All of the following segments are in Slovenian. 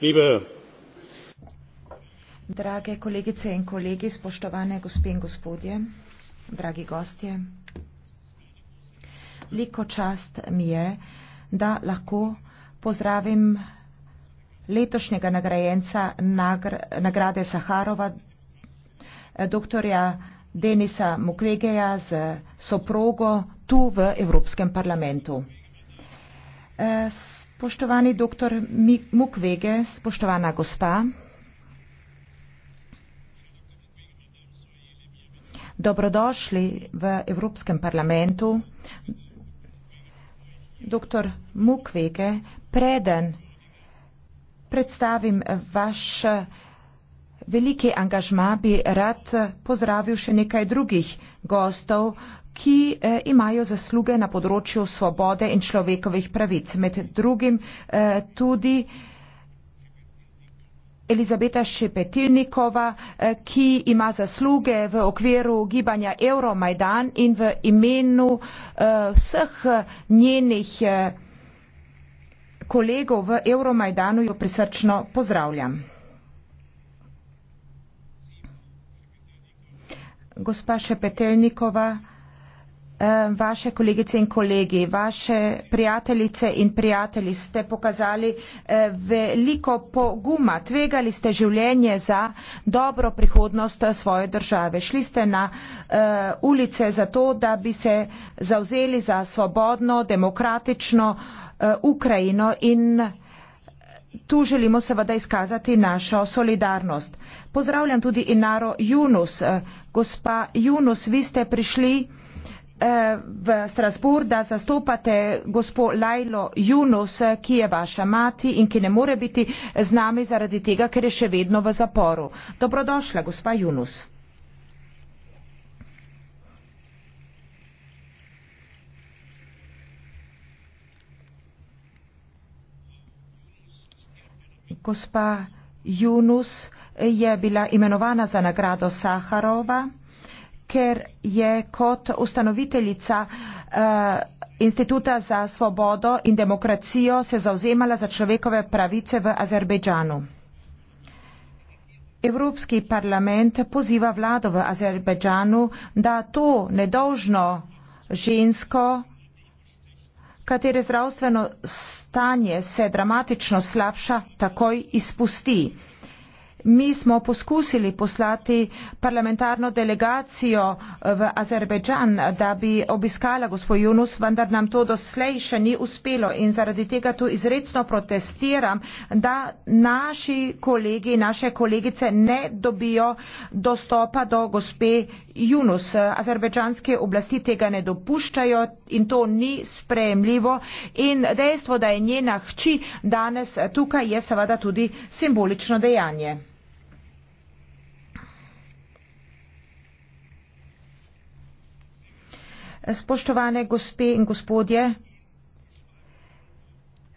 liebe Drage kolegice in kolegi, spoštovane gospe in gospodje, dragi gostje, veliko čast mi je, da lahko pozdravim letošnjega nagrajenca nagr nagrade Saharova, dr. Denisa Mukvegeja z soprogo tu v Evropskem parlamentu. Eh, spoštovani doktor Mukvege, spoštovana gospa. Dobrodošli v Evropskem parlamentu. Doktor Mukvege, preden predstavim vaš veliki angažma bi rad pozdravil še nekaj drugih gostov, ki eh, imajo zasluge na področju svobode in človekovih pravic. Med drugim eh, tudi Elizabeta Šepetilnikova, eh, ki ima zasluge v okviru gibanja Euromajdan in v imenu vseh njenih kolegov v Euromajdanu jo prisrčno pozdravljam. gospa Šepetelnikova, eh, vaše kolegice in kolegi, vaše prijateljice in prijatelji ste pokazali eh, veliko poguma, tvegali ste življenje za dobro prihodnost eh, svoje države. Šli ste na ulice zato, da bi se zauzeli za svobodno, demokratično Ukrajino in Tu želimo seveda izkazati našo solidarnost. Pozdravljam tudi Inaro Junus. Eh, gospa Junus, vi ste prišli eh, v Strasbourg, da zastopate gospo Lajlo Junus, eh, ki je vaša mati in ki ne more biti z nami zaradi tega, ker je še vedno v zaporu. Dobrodošla, gospa Junus. gospa Junus je bila imenovana za nagrado Saharova, ker je kot ustanoviteljica uh, Instituta za svobodo in demokracijo se zauzemala za človekove pravice v Azerbejdžanu. Evropski parlament poziva vlado v Azerbejdžanu, da to nedolžno žensko katere zdravstveno stanje se dramatično slabša takoj izpusti. Mi smo poskusili poslati parlamentarno delegacijo eh, v Azerbejdžan, da bi obiskala gospod Junus, vendar nam to doslej še ni uspelo in zaradi tega tu izredno protestiram, da naši kolegi, naše kolegice ne dobijo dostopa do gospe Junus. Azerbejdžanske oblasti tega ne dopuščajo in to ni sprejemljivo in dejstvo, da je njena hči danes tukaj, je seveda tudi simbolično dejanje. Spoštovane gospe in gospodje,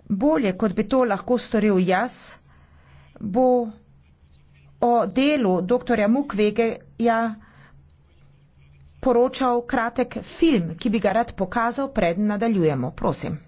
bolje, kot bi to lahko storil jaz, bo o delu dr. Mukvegeja poročal kratek film, ki bi ga rad pokazal, pred nadaljujemo. Prosim.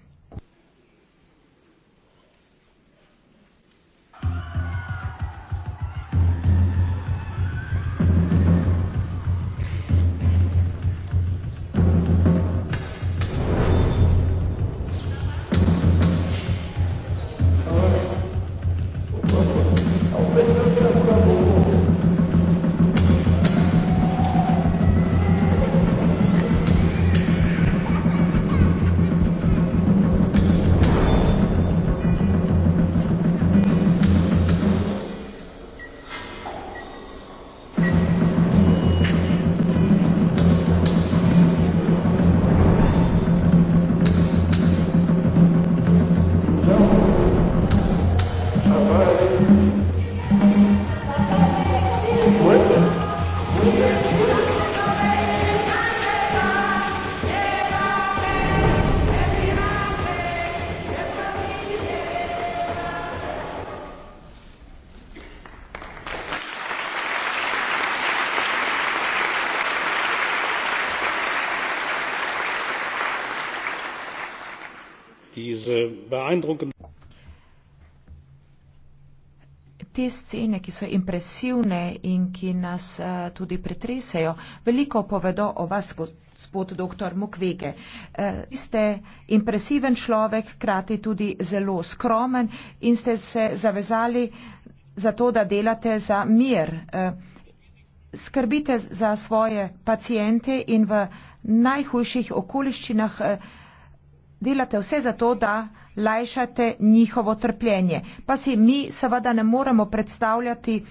Te scene, ki so impresivne in ki nas uh, tudi pretresejo, veliko povedo o vas, gospod dr. Mukvege. Uh, eh, ste impresiven človek, krati tudi zelo skromen in ste se zavezali za to, da delate za mir. Uh, skrbite za svoje pacijente in v najhujših okoliščinah. Uh, delate vse za to, da lajšate njihovo trpljenje. Pa si mi seveda ne moremo predstavljati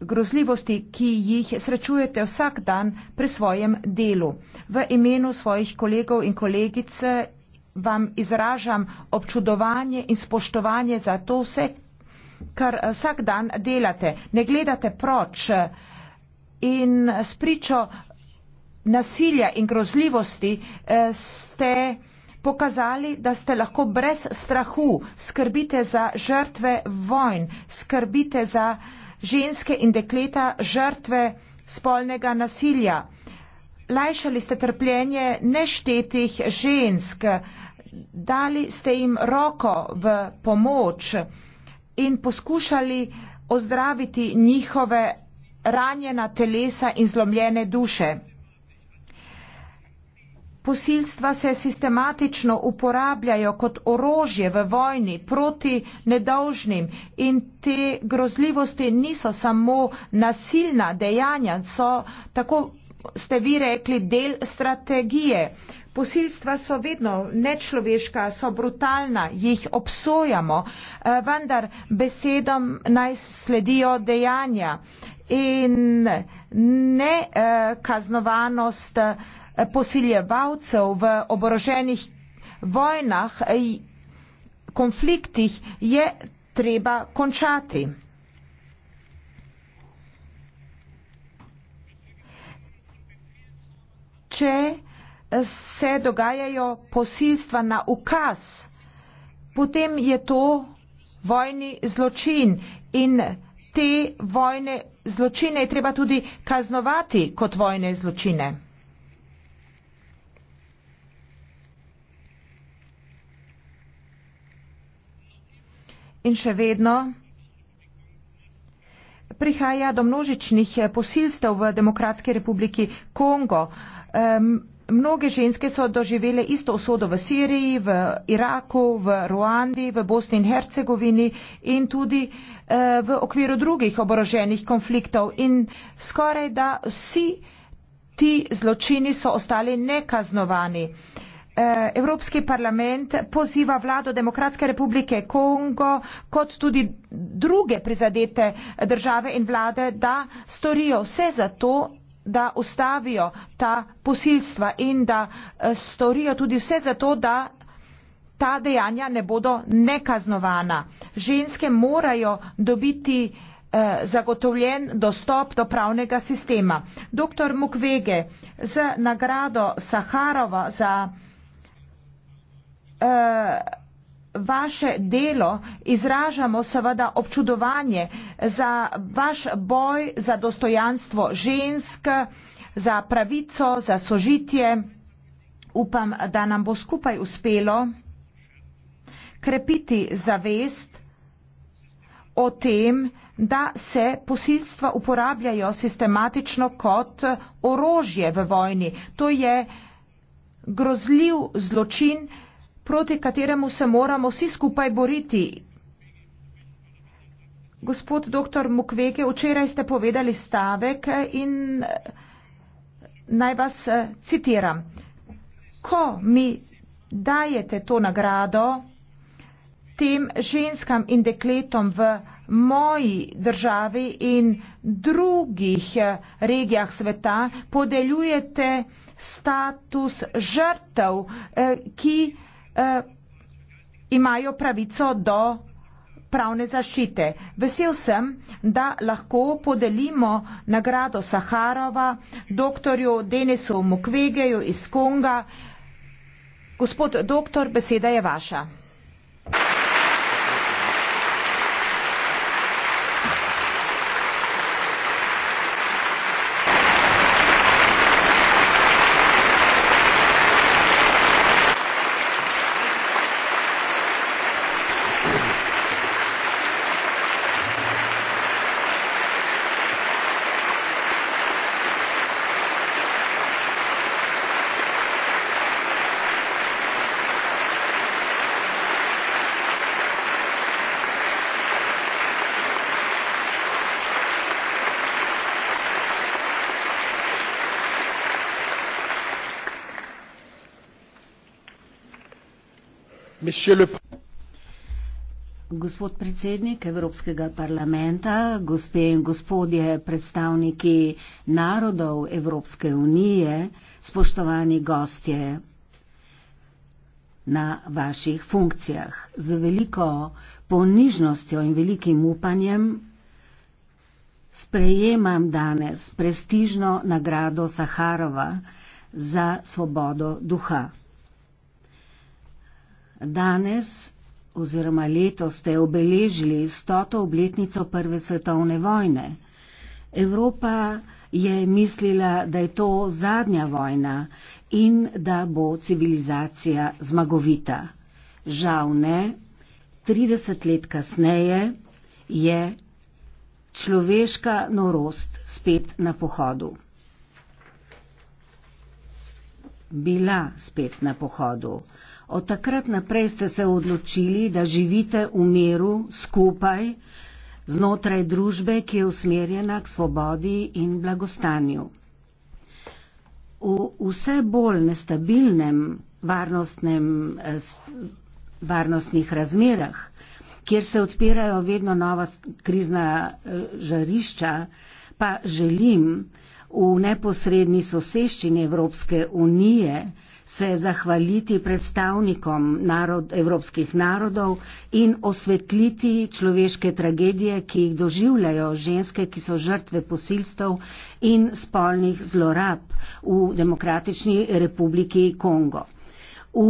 grozljivosti, ki jih srečujete vsak dan pri svojem delu. V imenu svojih kolegov in kolegice eh, vam izražam občudovanje in spoštovanje za to vse, kar eh, vsak dan delate. Ne gledate proč. Eh, in spričo nasilja in grozljivosti eh, ste pokazali, da ste lahko brez strahu skrbite za žrtve vojn, skrbite za ženske in dekleta žrtve spolnega nasilja. Lajšali ste trpljenje neštetih žensk, dali ste jim roko v pomoč in poskušali ozdraviti njihove ranjena telesa in zlomljene duše. Posilstva se sistematično uporabljajo kot orožje v vojni proti nedolžnim in te grozljivosti niso samo nasilna dejanja, so, tako ste vi rekli, del strategije. Posilstva so vedno nečloveška, so brutalna, jih obsojamo, eh, vendar besedom naj sledijo dejanja in ne eh, kaznovanost. Eh, posiljevalcev v oboroženih vojnah, eh, konfliktih je treba končati. Če eh, se dogajajo posilstva na ukaz, potem je to vojni zločin in te vojne zločine je treba tudi kaznovati kot vojne zločine. In še vedno prihaja do množičnih eh, posilstev v Demokratski republiki Kongo. Mnoge ženske so doživele isto usodo v Siriji, v Iraku, v Ruandi, v Bosni in Hercegovini in tudi eh, v okviru drugih oboroženih konfliktov. In skoraj da vsi ti zločini so ostali nekaznovani. Eh, Evropski parlament poziva vlado Demokratske republike Kongo kot tudi druge prizadete države in vlade, da storijo vse za to, da ustavijo ta posilstva in da eh, storijo tudi vse za to, da ta dejanja ne bodo nekaznovana. Ženske morajo dobiti eh, zagotovljen dostop do pravnega sistema. Doktor Mukvege, z nagrado Saharova za uh, vaše delo, izražamo seveda občudovanje za vaš boj za dostojanstvo žensk, za pravico, za sožitje. Upam, da nam bo skupaj uspelo krepiti zavest o tem, da se posilstva uporabljajo sistematično kot orožje v vojni. To je grozljiv zločin, proti kateremu se moramo vsi skupaj boriti. Gospod dr. Mukvege, včeraj ste povedali stavek in eh, naj vas eh, citiram. Ko mi dajete to nagrado tem ženskam in dekletom v moji državi in drugih eh, regijah sveta, podeljujete status žrtev, ki eh, imajo pravico do pravne zaščite. Vesel sem, da lahko podelimo nagrado Saharova doktorju Denisu Mukvegeju iz Konga. Gospod doktor, beseda je vaša. Gospod predsednik Evropskega parlamenta, gospe in gospodje predstavniki narodov Evropske unije, spoštovani gostje na vaših funkcijah. Z veliko ponižnostjo in velikim upanjem sprejemam danes prestižno nagrado Saharova za svobodo duha. Danes oziroma letos ste obeležili 100. obletnico Prve svetovne vojne. Evropa je mislila, da je to zadnja vojna in da bo civilizacija zmagovita. Žal ne, 30 let kasneje je človeška norost spet na pohodu. Bila spet na pohodu. Od takrat naprej ste se odločili, da živite v miru skupaj znotraj družbe, ki je usmerjena k svobodi in blagostanju. V vse bolj nestabilnem eh, varnostnih razmerah, kjer se odpirajo vedno nova krizna eh, žarišča, pa želim v neposredni soseščini Evropske unije, se zahvaliti predstavnikom narod, evropskih narodov in osvetliti človeške tragedije, ki jih doživljajo ženske, ki so žrtve posilstev in spolnih zlorab v Demokratični republiki Kongo. V,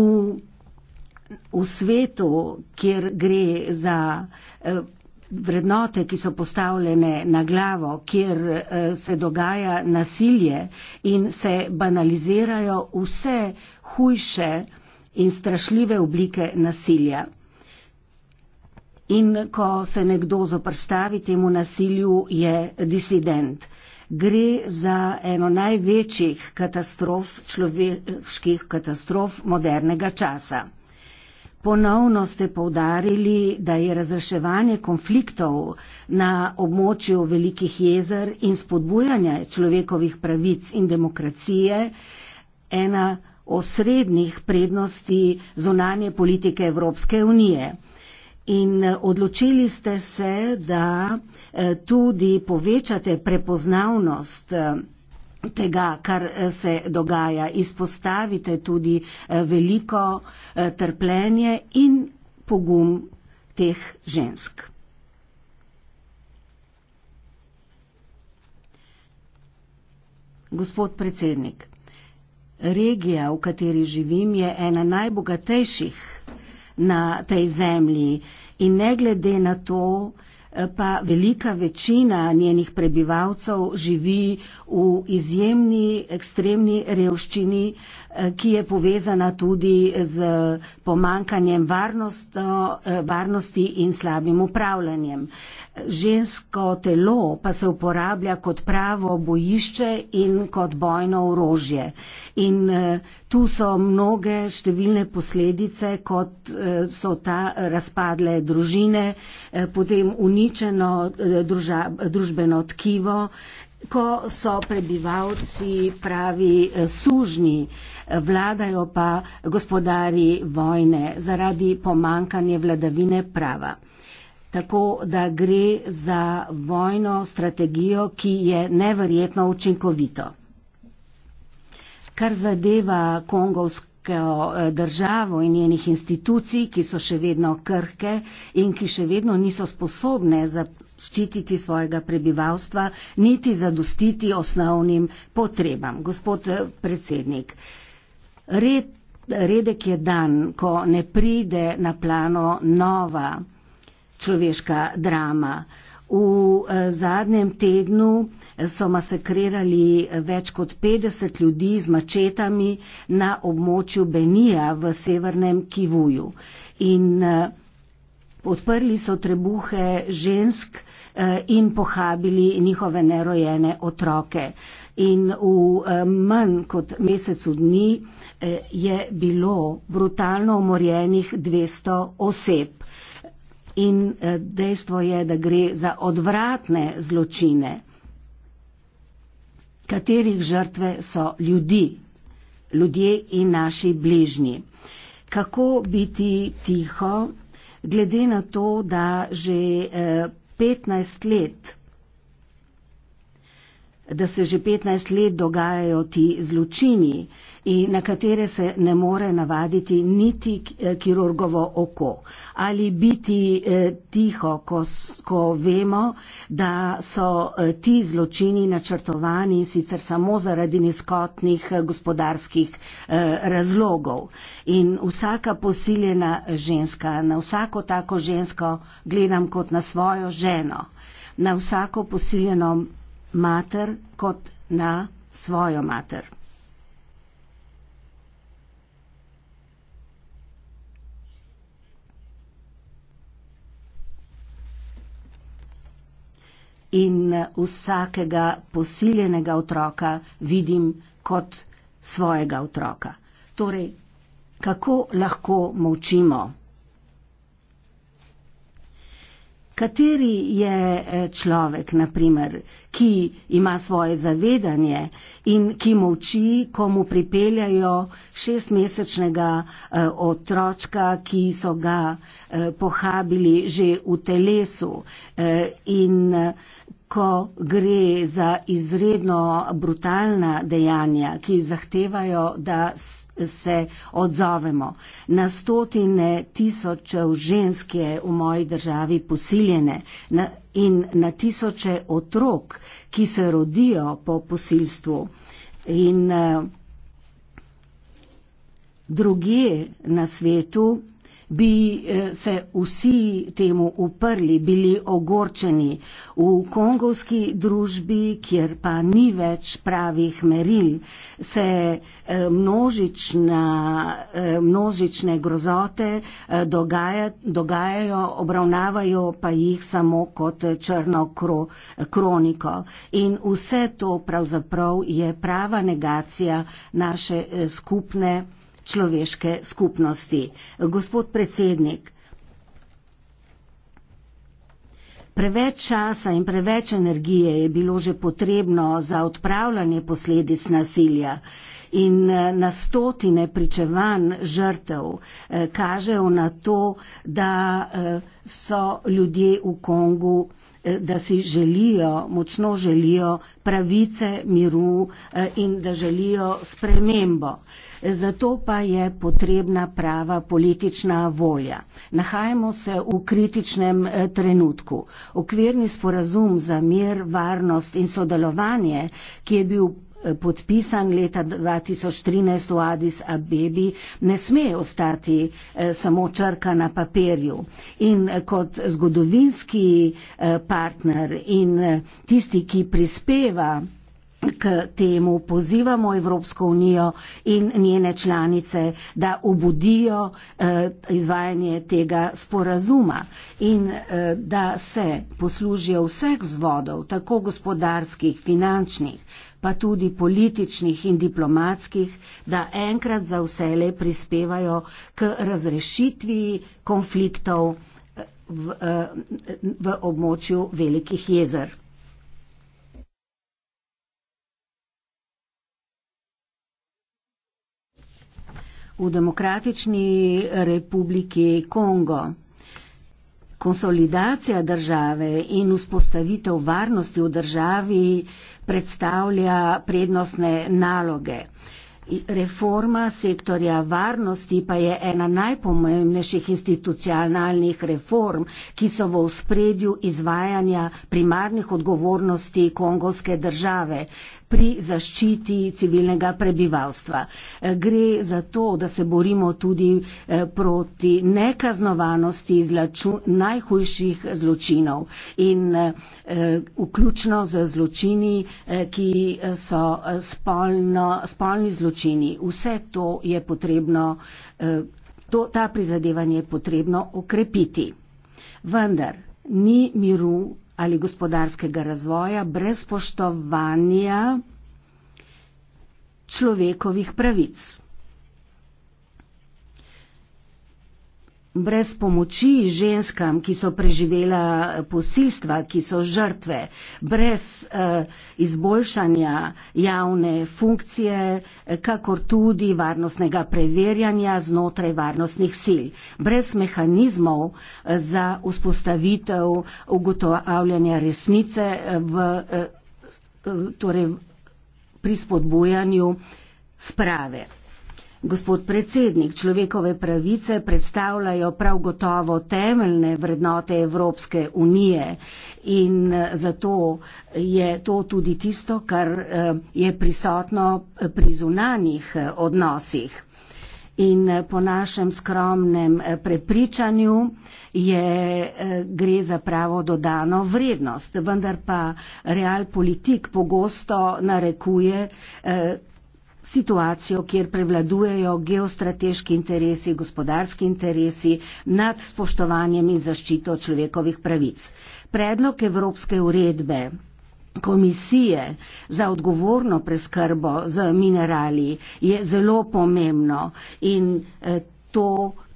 v svetu, kjer gre za eh, vrednote, ki so postavljene na glavo, kjer eh, se dogaja nasilje in se banalizirajo vse hujše in strašljive oblike nasilja. In ko se nekdo zoprstavi temu nasilju, je disident. Gre za eno največjih katastrof, človeških katastrof modernega časa. Ponovno ste povdarili, da je razreševanje konfliktov na območju velikih jezer in spodbujanje človekovih pravic in demokracije ena osrednjih prednosti zonanje politike Evropske unije. In eh, odločili ste se, da eh, tudi povečate prepoznavnost eh, tega, kar eh, se dogaja. Izpostavite tudi eh, veliko eh, trpljenje in pogum teh žensk. Gospod predsednik, regija, v kateri živim, je ena najbogatejših na tej zemlji in ne glede na to, pa velika večina njenih prebivalcev živi v izjemni, ekstremni revščini, eh, ki je povezana tudi z pomankanjem eh, varnosti in slabim upravljanjem žensko telo pa se uporablja kot pravo bojišče in kot bojno orožje. In eh, tu so mnoge številne posledice, kot eh, so ta razpadle družine, eh, potem uničeno družbeno tkivo, ko so prebivalci pravi sužni, vladajo pa gospodari vojne zaradi pomankanja vladavine prava tako da gre za vojno strategijo, ki je neverjetno učinkovito. Kar zadeva kongovsko eh, državo in njenih institucij, ki so še vedno krhke in ki še vedno niso sposobne zaščititi svojega prebivalstva, niti zadostiti osnovnim potrebam. Gospod eh, predsednik, red, redek je dan, ko ne pride na plano nova človeška drama. V eh, zadnjem tednu eh, so masakrirali eh, več kot 50 ljudi z mačetami na območju Benija v severnem Kivuju. In odprli so trebuhe žensk in pohabili njihove nerojene otroke. In v manj kot mesecu dni je bilo brutalno umorjenih 200 oseb in eh, dejstvo je, da gre za odvratne zločine, katerih žrtve so ljudi, ljudje in naši bližnji. Kako biti tiho, glede na to, da že 15 eh, let da se že 15 let dogajajo ti zločini, in na katere se ne more navaditi niti eh, kirurgovo oko. Ali biti eh, tiho, ko, ko vemo, da so eh, ti zločini načrtovani sicer samo zaradi neskotnih gospodarskih razlogov. In vsaka posiljena ženska, na vsako tako žensko gledam kot na svojo ženo, na vsako posiljeno mater kot na svojo mater. in vsakega posiljenega otroka vidim kot svojega otroka. Torej, kako lahko molčimo? kateri je eh, človek, naprimer, ki ima svoje zavedanje in ki moči, ko mu pripeljajo šestmesečnega eh, otročka, ki so ga eh, pohabili že v telesu in ko gre za izredno brutalna dejanja, ki zahtevajo, da se odzovemo. Na stotine tisočev žensk je v moji državi posiljene in na tisoče otrok, ki se rodijo po posilstvu. In eh, drugi na svetu bi eh, se vsi temu uprli, bili ogorčeni. V kongovski družbi, kjer pa ni več pravih meril, se eh, eh, množične grozote dogaja, dogajajo, obravnavajo pa jih samo kot črno kro, kroniko. In vse to pravzaprav je prava negacija naše skupne človeške skupnosti. Gospod predsednik, preveč časa in preveč energije je bilo že potrebno za odpravljanje posledic nasilja in eh, na stotine pričevanj žrtev eh, kažejo na to, da eh, so ljudje v Kongu Eh, da si želijo, močno želijo pravice, miru eh, in da želijo spremembo. Eh, zato pa je potrebna prava politična volja. Nahajamo se v kritičnem trenutku. Okvirni sporazum za mir, varnost in sodelovanje, ki je bil Eh, podpisan leta 2013 v Addis Abebi, ne sme ostati eh, samo črka na papirju. In eh, kot zgodovinski partner in tisti, ki prispeva k temu, pozivamo Evropsko unijo in njene članice, da obudijo izvajanje tega sporazuma in da se poslužijo vseh zvodov, tako gospodarskih, finančnih, pa tudi političnih in diplomatskih, da enkrat za vsele prispevajo k razrešitvi konfliktov eh, v, eh, v območju velikih jezer. V Demokratični republiki Kongo. Konsolidacija države in vzpostavitev varnosti v državi predstavlja prednostne naloge. Reforma sektorja varnosti pa je ena najpomembnejših institucionalnih reform, ki so v spredju izvajanja primarnih odgovornosti kongovske države, pri zaščiti civilnega prebivalstva. Eh, gre za to, da se borimo tudi eh, proti nekaznovanosti zlaču, najhujših zločinov in eh, vključno z zločini, ki so spolno, spolni zločini. Vse to je potrebno, to, ta prizadevanje je potrebno okrepiti. Vendar ni miru ali gospodarskega razvoja brez spoštovanja človekovih pravic. brez pomoči ženskam, ki so preživela eh, posilstva, ki so žrtve, brez uh, izboljšanja javne funkcije, eh, kakor tudi varnostnega preverjanja znotraj varnostnih sil, brez mehanizmov za vzpostavitev ugotavljanja resnice v, uh, torej pri spodbujanju sprave. Gospod predsednik, človekove pravice predstavljajo prav gotovo temeljne vrednote Evropske unije in eh, zato je to tudi tisto, kar eh, je prisotno eh, pri zunanjih odnosih. In po našem skromnem prepričanju je, gre za pravo dodano vrednost, vendar pa realpolitik pogosto narekuje, situacijo, kjer prevladujejo geostrateški interesi, gospodarski interesi nad spoštovanjem in zaščito človekovih pravic. Predlog Evropske uredbe komisije za odgovorno preskrbo z minerali je zelo pomembno in eh, to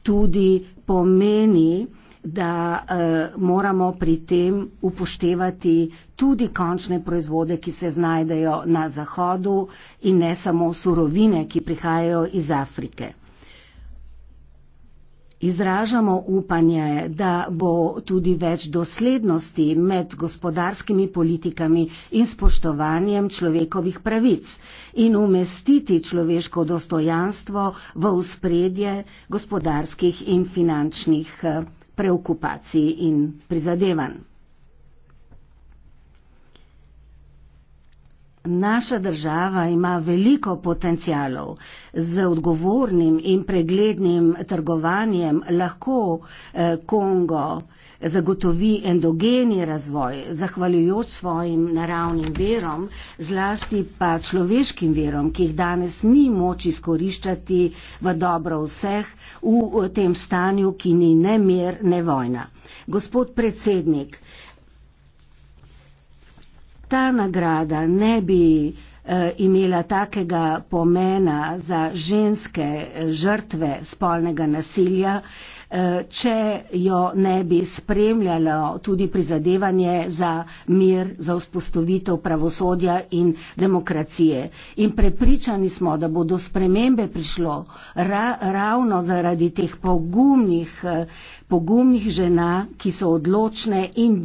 tudi pomeni, da uh, moramo pri tem upoštevati tudi končne proizvode, ki se znajdejo na Zahodu in ne samo surovine, ki prihajajo iz Afrike. Izražamo upanje, da bo tudi več doslednosti med gospodarskimi politikami in spoštovanjem človekovih pravic in umestiti človeško dostojanstvo v uspredje gospodarskih in finančnih politik. Eh, preokupacij in prizadevanj. Naša država ima veliko potencijalov. Z odgovornim in preglednim trgovanjem lahko eh, Kongo zagotovi endogeni razvoj, zahvaljujoč svojim naravnim verom, zlasti pa človeškim verom, ki jih danes ni moč izkoriščati v dobro vseh v tem stanju, ki ni ne mir, ne vojna. Gospod predsednik, ta nagrada ne bi eh, imela takega pomena za ženske eh, žrtve spolnega nasilja, Eh, če jo ne bi spremljalo tudi prizadevanje za mir, za vzpostavitev pravosodja in demokracije. In prepričani smo, da bo do spremembe prišlo ra ravno zaradi teh pogumnih, eh, pogumnih žena, ki so odločne in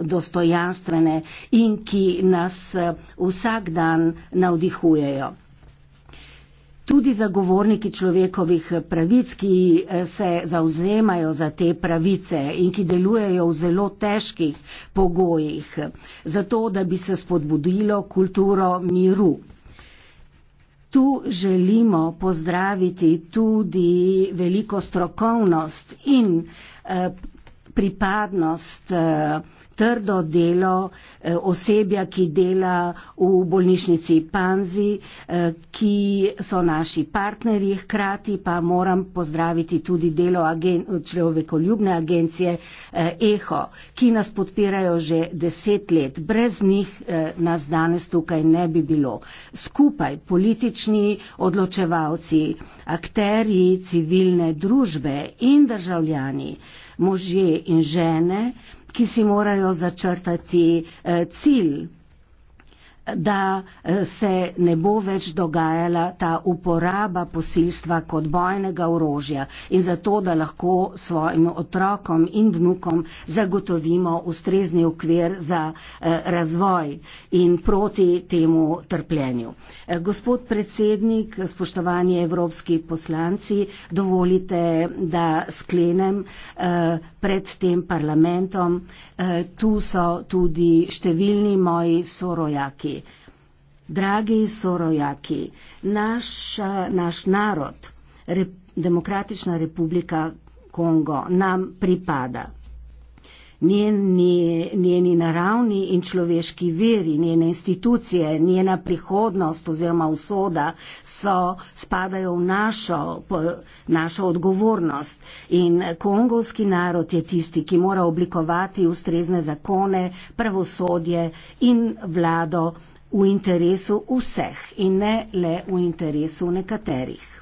dostojanstvene in ki nas eh, vsak dan navdihujejo tudi zagovorniki človekovih pravic, ki eh, se zauzemajo za te pravice in ki delujejo v zelo težkih pogojih, zato da bi se spodbudilo kulturo miru. Tu želimo pozdraviti tudi veliko strokovnost in eh, pripadnost, eh, trdo delo eh, osebja, ki dela v bolnišnici Panzi, eh, ki so naši partnerji, hkrati pa moram pozdraviti tudi delo agen človekoljubne agencije EHO, ki nas podpirajo že deset let. Brez njih nas danes tukaj ne bi bilo. Skupaj politični odločevalci, akteri civilne družbe in državljani, možje in žene, ki si morajo začrtati eh, cilj da eh, se ne bo več dogajala ta uporaba posilstva kot bojnega orožja in zato, da lahko svojim otrokom in vnukom zagotovimo ustrezni okvir za eh, razvoj in proti temu trpljenju. Eh, gospod predsednik, spoštovani evropski poslanci, dovolite, da sklenem pred tem parlamentom. Tu so tudi številni moji sorojaki. Dragi sorojaki, naš, naš narod, Re, Demokratična republika Kongo, nam pripada njeni, njeni naravni in človeški veri, njene institucije, njena prihodnost oziroma usoda so, spadajo v našo, našo odgovornost. In kongovski narod je tisti, ki mora oblikovati ustrezne zakone, pravosodje in vlado v interesu vseh in ne le v interesu nekaterih.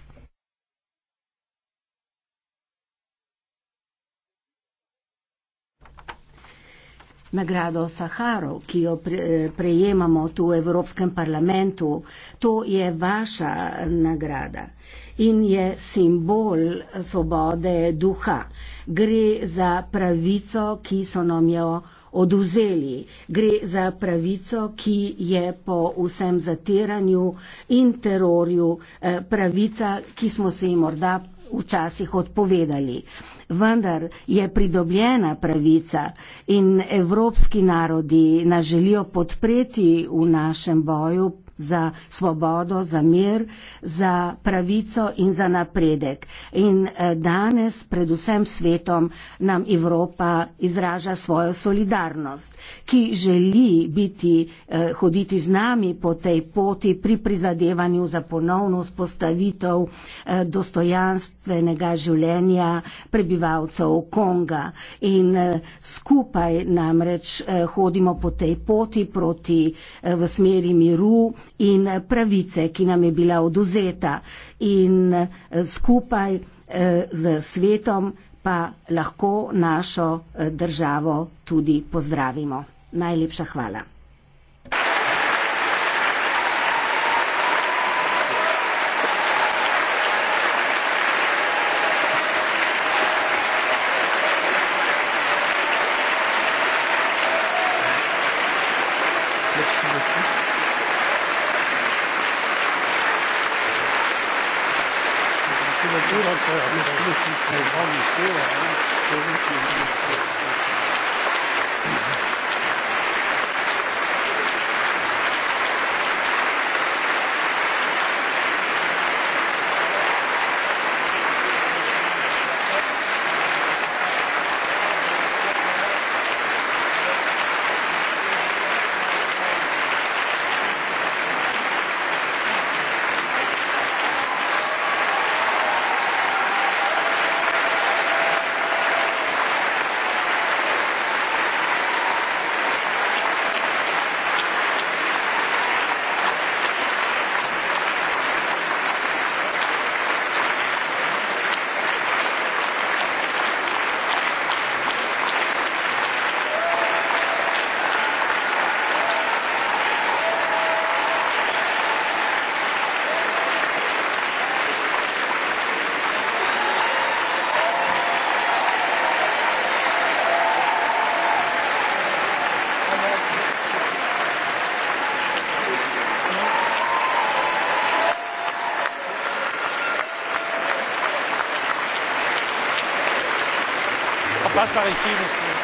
nagrado Saharov, ki jo prejemamo tu v Evropskem parlamentu. To je vaša nagrada in je simbol svobode duha. Gre za pravico, ki so nam jo oduzeli. Gre za pravico, ki je po vsem zatiranju in terorju eh, pravica, ki smo se ji morda včasih odpovedali. Vendar je pridobljena pravica in evropski narodi nas želijo podpreti v našem boju za svobodo, za mir, za pravico in za napredek. In eh, danes predvsem svetom nam Evropa izraža svojo solidarnost, ki želi biti, eh, hoditi z nami po tej poti pri prizadevanju za ponovno vzpostavitev eh, dostojanstvenega življenja prebivalcev Konga. In skupaj namreč hodimo po tej poti proti v smeri miru, in pravice, ki nam je bila oduzeta in eh, skupaj eh, z svetom pa lahko našo eh, državo tudi pozdravimo. Najlepša hvala. das mache ich ihnen.